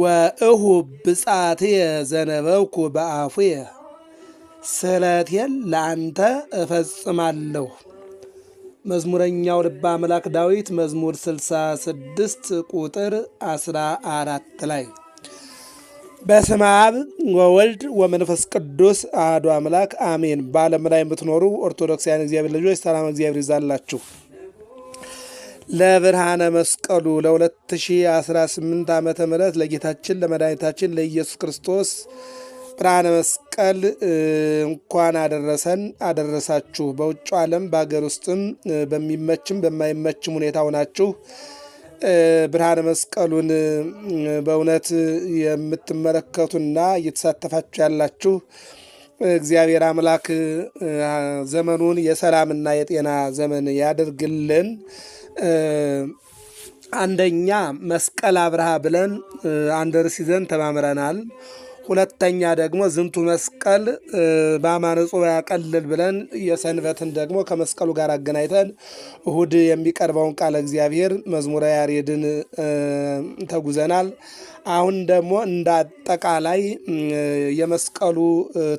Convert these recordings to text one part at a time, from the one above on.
ወእሁ ብጻትየ ዘነበብኩ በአፉየ ስለቴን ለአንተ እፈጽማለሁ። መዝሙረኛው ልበ አምላክ ዳዊት መዝሙር 66 ቁጥር 14 ላይ በስመ አብ ወወልድ ወመንፈስ ቅዱስ አሐዱ አምላክ አሜን። በዓለም ላይ የምትኖሩ ኦርቶዶክሳውያን እግዚአብሔር ልጆች ሰላም እግዚአብሔር ይዛላችሁ። ለብርሃነ መስቀሉ ለ2018 ዓ ም ለጌታችን ለመድኃኒታችን ለኢየሱስ ክርስቶስ ብርሃነ መስቀል እንኳን አደረሰን አደረሳችሁ። በውጭ ዓለም በሀገር ውስጥም በሚመችም በማይመችም ሁኔታ ሆናችሁ ብርሃነ መስቀሉን በእውነት የምትመለከቱና እየተሳተፋችሁ ያላችሁ እግዚአብሔር አምላክ ዘመኑን የሰላምና የጤና ዘመን ያደርግልን አንደኛ መስቀል አብርሃ ብለን አንድ ርዕስ ይዘን ተማምረናል። ሁለተኛ ደግሞ ዝንቱ መስቀል በአማነጹ ያቀልል ብለን የሰንበትን ደግሞ ከመስቀሉ ጋር አገናኝተን እሁድ የሚቀርበውን ቃለ እግዚአብሔር መዝሙረ ያሬድን ተጉዘናል። አሁን ደግሞ እንደ አጠቃላይ የመስቀሉ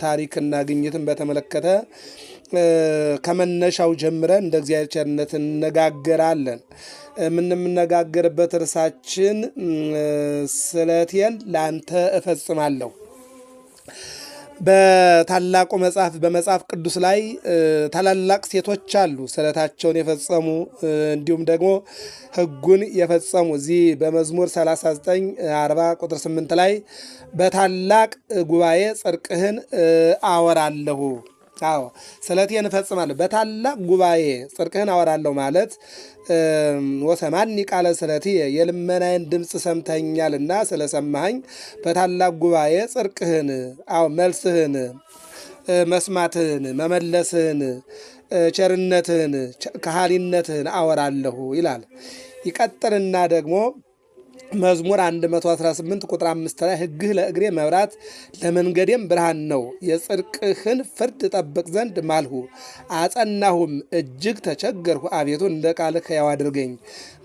ታሪክና ግኝትን በተመለከተ ከመነሻው ጀምረን እንደ እግዚአብሔር ቸርነት እነጋገራለን። የምንነጋገርበት እርሳችን ስለቴን ለአንተ እፈጽማለሁ በታላቁ መጽሐፍ በመጽሐፍ ቅዱስ ላይ ታላላቅ ሴቶች አሉ፣ ስለታቸውን የፈጸሙ እንዲሁም ደግሞ ሕጉን የፈጸሙ። እዚህ በመዝሙር 39 40 ቁጥር 8 ላይ በታላቅ ጉባኤ ጽድቅህን አወራለሁ አዎ ስለቴን እፈጽማለሁ በታላቅ ጉባኤ ጽድቅህን አወራለሁ ማለት ወሰማኒ ቃለ ስለቲ የልመናዬን ድምፅ ሰምተኛልና ስለሰማኸኝ በታላቅ ጉባኤ ጽድቅህን አዎ መልስህን መስማትህን መመለስህን ቸርነትህን ከሃሊነትህን አወራለሁ ይላል። ይቀጥልና ደግሞ መዝሙር 118 ቁጥር 5 ላይ ሕግህ ለእግሬ መብራት ለመንገዴም ብርሃን ነው። የጽድቅህን ፍርድ ጠብቅ ዘንድ ማልሁ፣ አጸናሁም፣ እጅግ ተቸገርሁ። አቤቱ እንደ ቃልህ ሕያው አድርገኝ።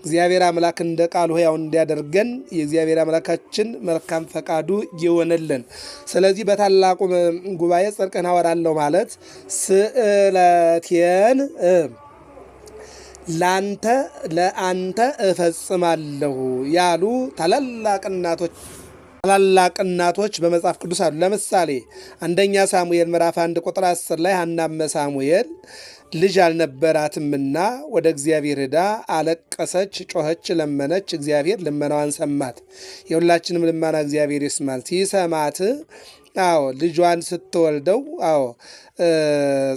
እግዚአብሔር አምላክ እንደ ቃሉ ሕያው እንዲያደርገን የእግዚአብሔር አምላካችን መልካም ፈቃዱ ይሆንልን። ስለዚህ በታላቁ ጉባኤ ጽድቅህን አወራለሁ ማለት ስዕለቴን ላንተ ለአንተ እፈጽማለሁ ያሉ ታላላቅ እናቶች ታላላቅ እናቶች በመጽሐፍ ቅዱስ አሉ። ለምሳሌ አንደኛ ሳሙኤል ምዕራፍ 1 ቁጥር 10 ላይ ሐናም ሳሙኤል ልጅ አልነበራትምና ወደ እግዚአብሔር ሄዳ አለቀሰች፣ ጮኸች፣ ለመነች። እግዚአብሔር ልመናዋን ሰማት። የሁላችንም ልመና እግዚአብሔር ይስማል። ሲሰማት አዎ ልጇን ስትወልደው አዎ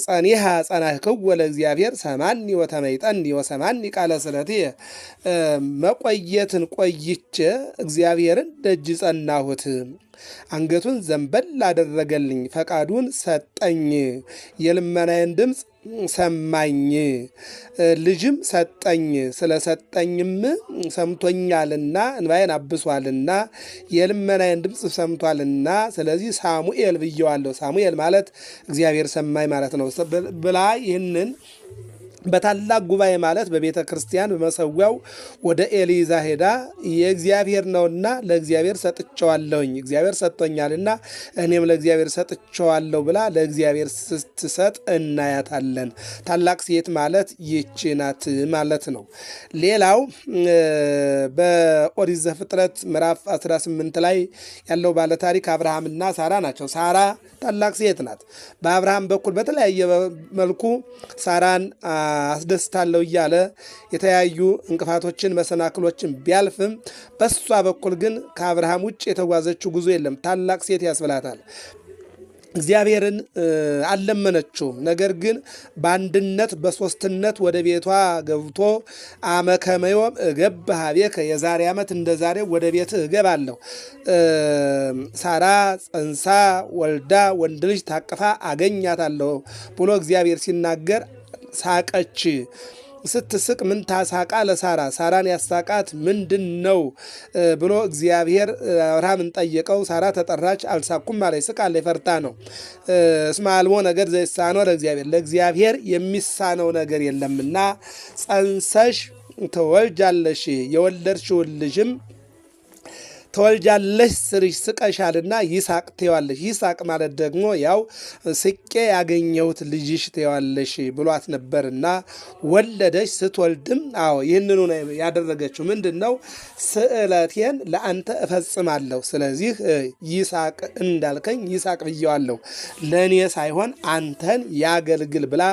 ጸኒሃ ጸናህ ጸናክው ለእግዚአብሔር ሰማኒ ወተመይጠኒ ወሰማኒ ቃለ ስለት መቆየትን ቆይቼ እግዚአብሔርን ደጅ ጸናሁት አንገቱን ዘንበል አደረገልኝ፣ ፈቃዱን ሰጠኝ፣ የልመናዬን ድምፅ ሰማኝ፣ ልጅም ሰጠኝ። ስለሰጠኝም ሰምቶኛልና እንባዬን አብሷልና የልመናዬን ድምፅ ሰምቷልና፣ ስለዚህ ሳሙኤል ብየዋለሁ። ሳሙኤል ማለት እግዚአብሔር ሰማኝ ማለት ነው ብላ ይህንን በታላቅ ጉባኤ ማለት በቤተ ክርስቲያን በመሰዊያው ወደ ኤሊዛ ሄዳ የእግዚአብሔር ነውና ለእግዚአብሔር ሰጥቸዋለሁኝ እግዚአብሔር ሰጥቶኛልና እኔም ለእግዚአብሔር ሰጥቸዋለሁ ብላ ለእግዚአብሔር ስትሰጥ እናያታለን። ታላቅ ሴት ማለት ይቺ ናት ማለት ነው። ሌላው በኦሪት ዘፍጥረት ምዕራፍ 18 ላይ ያለው ባለታሪክ አብርሃምና ሳራ ናቸው። ሳራ ታላቅ ሴት ናት። በአብርሃም በኩል በተለያየ መልኩ ሳራን አስደስታለሁ እያለ የተለያዩ እንቅፋቶችን መሰናክሎችን ቢያልፍም በሷ በኩል ግን ከአብርሃም ውጭ የተጓዘችው ጉዞ የለም። ታላቅ ሴት ያስብላታል። እግዚአብሔርን አልለመነችውም። ነገር ግን በአንድነት በሶስትነት ወደ ቤቷ ገብቶ አመከመዮም እገብሃ ቤከ የዛሬ ዓመት እንደ ዛሬ ወደ ቤት እገባለሁ። ሳራ ጸንሳ ወልዳ ወንድ ልጅ ታቅፋ አገኛታለሁ ብሎ እግዚአብሔር ሲናገር ሳቀች። ስትስቅ ምን ታሳቃ ለሳራ ሳራን ያሳቃት ምንድን ነው ብሎ እግዚአብሔር አብርሃምን ጠየቀው። ሳራ ተጠራች፣ አልሳኩም አለች። ስቃለ ፈርታ ነው። እስመ አልቦ ነገር ዘይሳነው ለእግዚአብሔር ለእግዚአብሔር የሚሳነው ነገር የለምና ጸንሰሽ ትወልጃለሽ የወለድሽውን ልጅም ተወልጃለሽ ስርሽ ስቀሻልና ይሳቅ ትዋለሽ። ይሳቅ ማለት ደግሞ ያው ስቄ ያገኘሁት ልጅሽ ትዋለሽ ብሏት ነበርና ወለደች። ስትወልድም አዎ ይህንኑ ያደረገችው ምንድን ነው? ስዕለቴን ለአንተ እፈጽማለሁ። ስለዚህ ይሳቅ እንዳልከኝ ይሳቅ ብየዋለሁ፣ ለእኔ ሳይሆን አንተን ያገልግል ብላ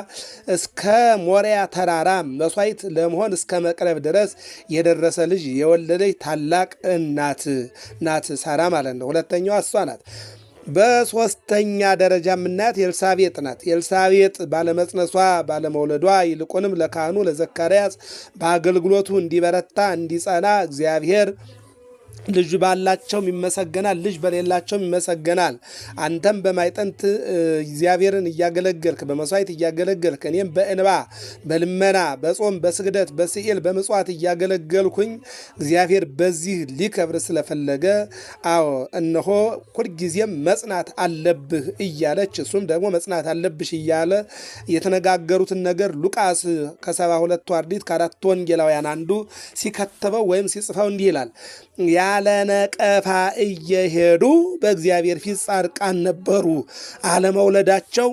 እስከ ሞሪያ ተራራ መስዋዕት ለመሆን እስከ መቅረብ ድረስ የደረሰ ልጅ የወለደች ታላቅ እናት ናት ሳራ ማለት ነው። ሁለተኛዋ እሷ ናት። በሶስተኛ ደረጃ የምናያት ኤልሳቤጥ ናት። ኤልሳቤጥ ባለመጽነሷ ባለመውለዷ፣ ይልቁንም ለካህኑ ለዘካርያስ በአገልግሎቱ እንዲበረታ እንዲጸና እግዚአብሔር ልጅ ባላቸውም ይመሰገናል፣ ልጅ በሌላቸውም ይመሰገናል። አንተም በማይጠንት እግዚአብሔርን እያገለገልክ በመስዋዕት እያገለገልክ እኔም በእንባ በልመና በጾም በስግደት በስዕል በምጽዋት እያገለገልኩኝ እግዚአብሔር በዚህ ሊከብር ስለፈለገ አዎ እነሆ ሁልጊዜም መጽናት አለብህ እያለች እሱም ደግሞ መጽናት አለብሽ እያለ የተነጋገሩትን ነገር ሉቃስ ከሰባ ሁለቱ አርድእት ከአራት ወንጌላውያን አንዱ ሲከትበው ወይም ሲጽፈው እንዲህ ይላል ያለ ነቀፋ እየሄዱ በእግዚአብሔር ፊት ጻድቃን ነበሩ። አለመውለዳቸው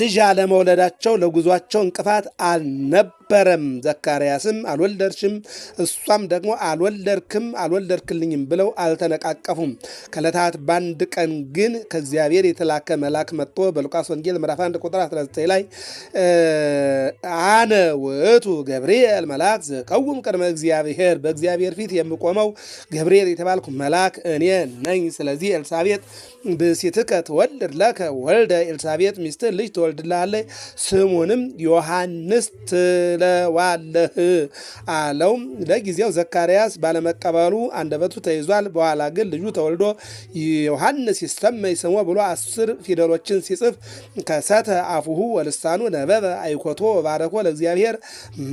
ልጅ አለመውለዳቸው ለጉዟቸው እንቅፋት አልነበ ነበረም። ዘካርያስም አልወልደርሽም፣ እሷም ደግሞ አልወልደርክም፣ አልወልደርክልኝም ብለው አልተነቃቀፉም። ከለታት በአንድ ቀን ግን ከእግዚአብሔር የተላከ መልአክ መጥቶ በሉቃስ ወንጌል ምዕራፍ 1 ቁጥር 19 ላይ አነ ውእቱ ገብርኤል መልአክ ዘቀውም ቅድመ እግዚአብሔር፣ በእግዚአብሔር ፊት የምቆመው ገብርኤል የተባልኩ መልአክ እኔ ነኝ። ስለዚህ ኤልሳቤጥ ብእሲትከ ትወልድ ለከ ወልደ ኤልሳቤጥ ሚስትህ ልጅ ትወልድልሃለች፣ ስሙንም ዮሐንስ ትል ትለዋለህ አለው። ለጊዜው ዘካርያስ ባለመቀበሉ አንደበቱ ተይዟል። በኋላ ግን ልጁ ተወልዶ ዮሐንስ ይሰመይ ስሞ ብሎ አስር ፊደሎችን ሲጽፍ ከሰተ አፉሁ ወልሳኑ ነበበ አይኮቶ ባረኮ ለእግዚአብሔር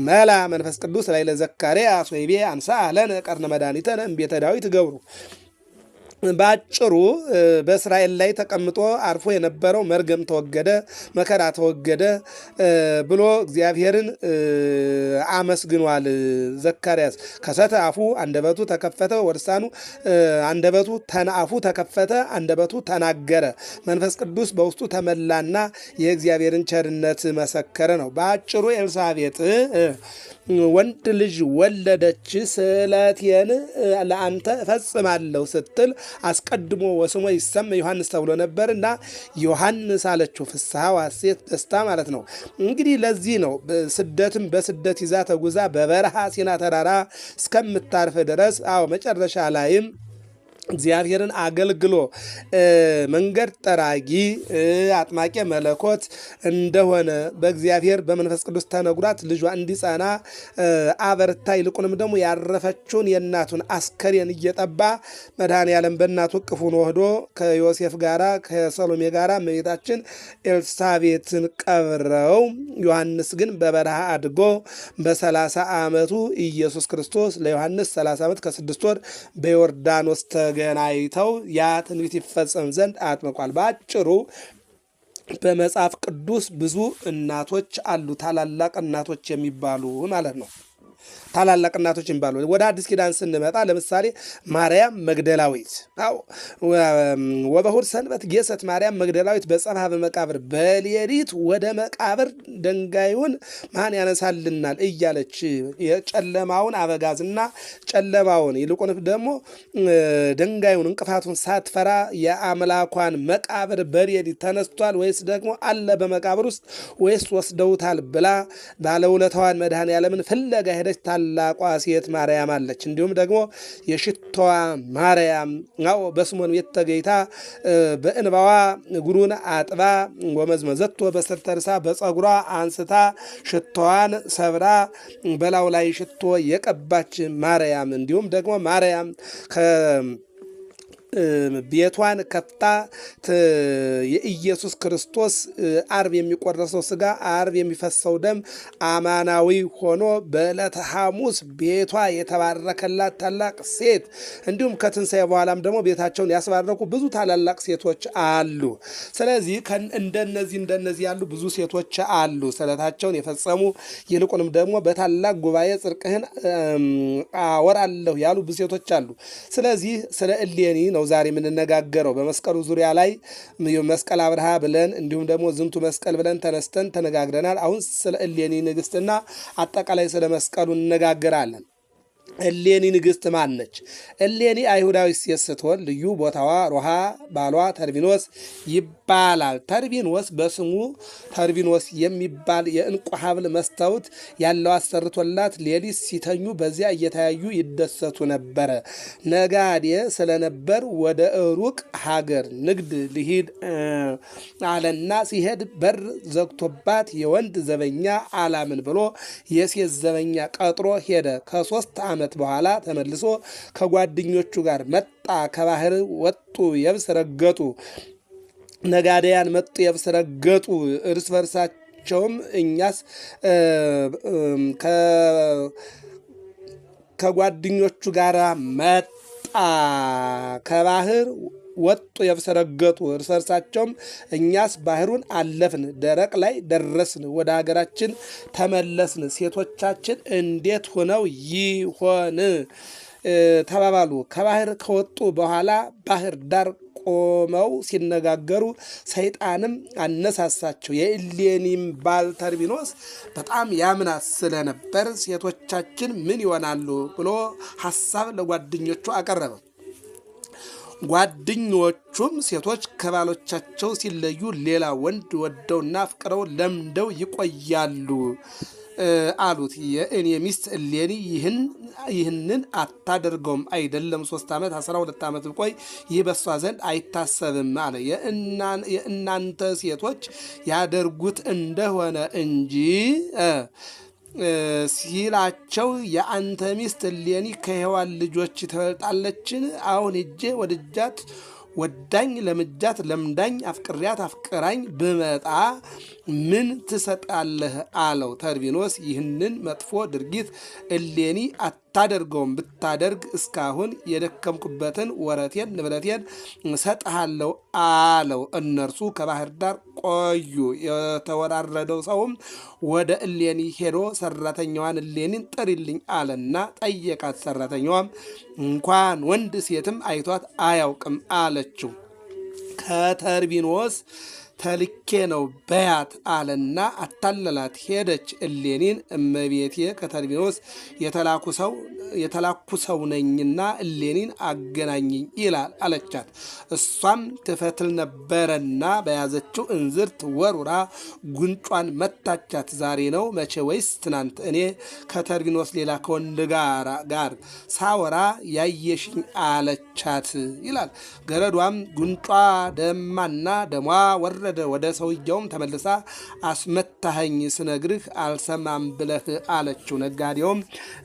መላ መንፈስ ቅዱስ ላይ ለዘካርያስ ወይቤ አንሳ አለን ቀርነ መድኃኒተን እምቤተ ዳዊት ገብሩ በአጭሩ በእስራኤል ላይ ተቀምጦ አርፎ የነበረው መርገም ተወገደ፣ መከራ ተወገደ ብሎ እግዚአብሔርን አመስግኗል። ዘካርያስ ከሰተ አፉ አንደበቱ ተከፈተ ወርሳኑ አንደበቱ ተናፉ ተከፈተ አንደበቱ ተናገረ። መንፈስ ቅዱስ በውስጡ ተመላና የእግዚአብሔርን ቸርነት መሰከረ ነው። በአጭሩ ኤልሳቤጥ ወንድ ልጅ ወለደች ስዕለቴን ለአንተ እፈጽማለሁ ስትል አስቀድሞ ወስሞ ይሰም ዮሐንስ ተብሎ ነበር እና ዮሐንስ አለችው ፍስሐ ዋሴት ደስታ ማለት ነው። እንግዲህ ለዚህ ነው ስደትም በስደት ይዛ ተጉዛ በበረሃ ሲና ተራራ እስከምታርፍ ድረስ አዎ መጨረሻ ላይም እግዚአብሔርን አገልግሎ መንገድ ጠራጊ አጥማቄ መለኮት እንደሆነ በእግዚአብሔር በመንፈስ ቅዱስ ተነግሯት ልጇ እንዲጸና አበርታ ይልቁንም ደግሞ ያረፈችውን የእናቱን አስከሬን እየጠባ መድኃኔዓለም በእናቱ እቅፍ ወህዶ ከዮሴፍ ጋራ ከሰሎሜ ጋራ መቤታችን ኤልሳቤትን ቀብረው ዮሐንስ ግን በበረሃ አድጎ በሰላሳ ዓመቱ ኢየሱስ ክርስቶስ ለዮሐንስ 30 ዓመት ከስድስት ወር በዮርዳኖስ ተገ ተገናኝተው ያ ትንቢት ይፈጸም ዘንድ አጥምቋል። በአጭሩ በመጽሐፍ ቅዱስ ብዙ እናቶች አሉ፣ ታላላቅ እናቶች የሚባሉ ማለት ነው። ታላላቅ እናቶች የሚባሉ ወደ አዲስ ኪዳን ስንመጣ ለምሳሌ ማርያም መግደላዊት ወበሁድ ሰንበት ጌሰት ማርያም መግደላዊት በጸንሐ በመቃብር በሌሊት ወደ መቃብር ድንጋዩን ማን ያነሳልናል እያለች የጨለማውን አበጋዝና ጨለማውን ይልቁን ደግሞ ድንጋዩን እንቅፋቱን ሳትፈራ የአምላኳን መቃብር በሌሊት ተነስቷል ወይስ ደግሞ አለ በመቃብር ውስጥ ወይስ ወስደውታል ብላ ባለውለታዋን መድኃኔ ያለምን ፍለጋ ሄደች። ታላቋ ሴት ማርያም አለች። እንዲሁም ደግሞ የሽቷ ማርያም ው በስሞን ቤት ተገይታ በእንባዋ እግሩን አጥባ ወመዝመዘቶ በስተርሳ በጸጉሯ አንስታ ሽቶዋን ሰብራ በላው ላይ ሽቶ የቀባች ማርያም እንዲሁም ደግሞ ማርያም ቤቷን ከፍታ የኢየሱስ ክርስቶስ አርብ የሚቆረሰው ስጋ አርብ የሚፈሰው ደም አማናዊ ሆኖ በዕለተ ሐሙስ ቤቷ የተባረከላት ታላቅ ሴት እንዲሁም ከትንሣኤ በኋላም ደግሞ ቤታቸውን ያስባረኩ ብዙ ታላላቅ ሴቶች አሉ። ስለዚህ እንደነዚህ እንደነዚህ ያሉ ብዙ ሴቶች አሉ ስዕለታቸውን የፈጸሙ ይልቁንም ደግሞ በታላቅ ጉባኤ ጽድቅህን አወራለሁ ያሉ ብዙ ሴቶች አሉ። ስለዚህ ስለ እሌኒ ነው ነው ዛሬ የምንነጋገረው። በመስቀሉ ዙሪያ ላይ መስቀል አብርሃ ብለን እንዲሁም ደግሞ ዝንቱ መስቀል ብለን ተነስተን ተነጋግረናል። አሁን ስለ እሌኒ ንግስትና አጠቃላይ ስለ መስቀሉ እንነጋገራለን። እሌኒ ንግሥት ማን ነች? እሌኒ አይሁዳዊ ሴት ስትሆን ልዩ ቦታዋ ሮሃ፣ ባሏ ተርቢኖስ ይባላል። ተርቢኖስ በስሙ ተርቢኖስ የሚባል የእንቁ ሀብል መስታወት ያለው አሰርቶላት ሌሊት ሲተኙ በዚያ እየተያዩ ይደሰቱ ነበረ። ነጋዴ ስለነበር ወደ ሩቅ ሀገር ንግድ ልሂድ አለና ሲሄድ በር ዘግቶባት የወንድ ዘበኛ አላምን ብሎ የሴት ዘበኛ ቀጥሮ ሄደ። ከሶስት ዓመት ዓመት በኋላ ተመልሶ ከጓደኞቹ ጋር መጣ። ከባህር ወጡ፣ የብስ ረገጡ። ነጋዴያን መጡ፣ የብስ ረገጡ። እርስ በርሳቸውም እኛስ ከጓደኞቹ ጋር መጣ ከባህር ወጡ የሰረገጡ እርስ እኛስ ባህሩን አለፍን፣ ደረቅ ላይ ደረስን፣ ወደ ሀገራችን ተመለስን። ሴቶቻችን እንዴት ሆነው ይሆን ተባባሉ። ከባህር ከወጡ በኋላ ባህር ዳር ቆመው ሲነጋገሩ ሰይጣንም አነሳሳቸው። የኢሌኒም ባል ተርቢኖስ በጣም ያምናት ስለነበር ሴቶቻችን ምን ይሆናሉ ብሎ ሀሳብ ለጓደኞቹ አቀረበው? ጓደኞቹም ሴቶች ከባሎቻቸው ሲለዩ ሌላ ወንድ ወደውና አፍቅረው ለምደው ይቆያሉ አሉት። የእኔ ሚስት እሌኒ ይህንን አታደርገውም አይደለም፣ ሶስት ዓመት አስራ ሁለት ዓመት ብቆይ ይህ በሷ ዘንድ አይታሰብም አለ። የእናንተ ሴቶች ያደርጉት እንደሆነ እንጂ ሲላቸው የአንተ ሚስት እሌኒ ከሔዋን ልጆች ትበልጣለችን? አሁን ሂጄ ወድጃት ወዳኝ ለምጃት ለምዳኝ አፍቅሪያት አፍቅራኝ ብመጣ ምን ትሰጣለህ አለው። ተርቢኖስ ይህንን መጥፎ ድርጊት እሌኒ አታደርገውም፣ ብታደርግ እስካሁን የደከምኩበትን ወረቴን ንብረቴን እሰጥሃለሁ አለው። እነርሱ ከባህር ዳር ቆዩ። የተወራረደው ሰውም ወደ እሌኒ ሄዶ ሰራተኛዋን እሌኒን ጥሪልኝ አለና ጠየቃት። ሰራተኛዋም እንኳን ወንድ ሴትም አይቷት አያውቅም አለችው። ከተርቢኖስ ተልኬ ነው በያት አለና አታለላት። ሄደች እሌኒን እመቤቴ ከተርቢኖስ የተላኩ ሰው ነኝና እሌኒን አገናኝኝ ይላል አለቻት። እሷም ትፈትል ነበረና በያዘችው እንዝርት ወሩራ ጉንጯን መታቻት። ዛሬ ነው መቼ ወይስ ትናንት እኔ ከተርቢኖስ ሌላ ከወንድ ጋር ሳወራ ያየሽኝ አለቻት ይላል። ገረዷም ጉንጯ ደማና ደሟ ወረ ወደ ሰውየውም ተመልሳ አስመታኸኝ ስነግርህ አልሰማም ብለህ አለችው። ነጋዴውም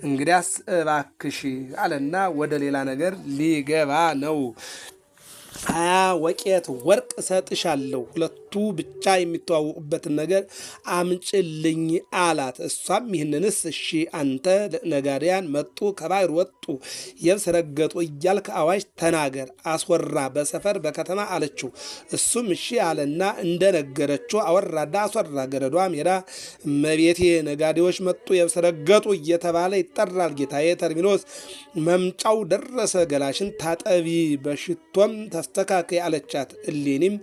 እንግዲያስ እባክሽ አለና ወደ ሌላ ነገር ሊገባ ነው። ሀያ ወቄት ወርቅ እሰጥሻለሁ ሁለቱ ሁለቱ ብቻ የሚተዋወቁበትን ነገር አምጭልኝ አላት። እሷም ይህንንስ እሺ አንተ ነጋዴያን መጡ፣ ከባይር ወጡ፣ የብስ ረገጡ እያልክ አዋጅ ተናገር፣ አስወራ በሰፈር በከተማ አለችው። እሱም እሺ አለና እንደነገረችው አወራዳ አስወራ። ገረዷ ሜዳ መቤቴ ነጋዴዎች መጡ፣ የብስ ረገጡ እየተባለ ይጠራል። ጌታዬ ተርሚኖስ መምጫው ደረሰ፣ ገላሽን ታጠቢ፣ በሽቶም ተስተካከይ አለቻት። እሌኒም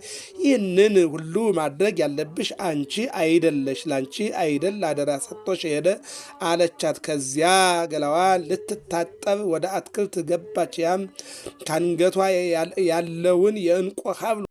ይህንን ሁሉ ማድረግ ያለብሽ አንቺ አይደለሽ፣ ላንቺ አይደል አደራ ሰጥቶሽ ሄደ አለቻት። ከዚያ ገላዋ ልትታጠብ ወደ አትክልት ገባች። ያም ካንገቷ ያለውን የእንቁ ሀብ።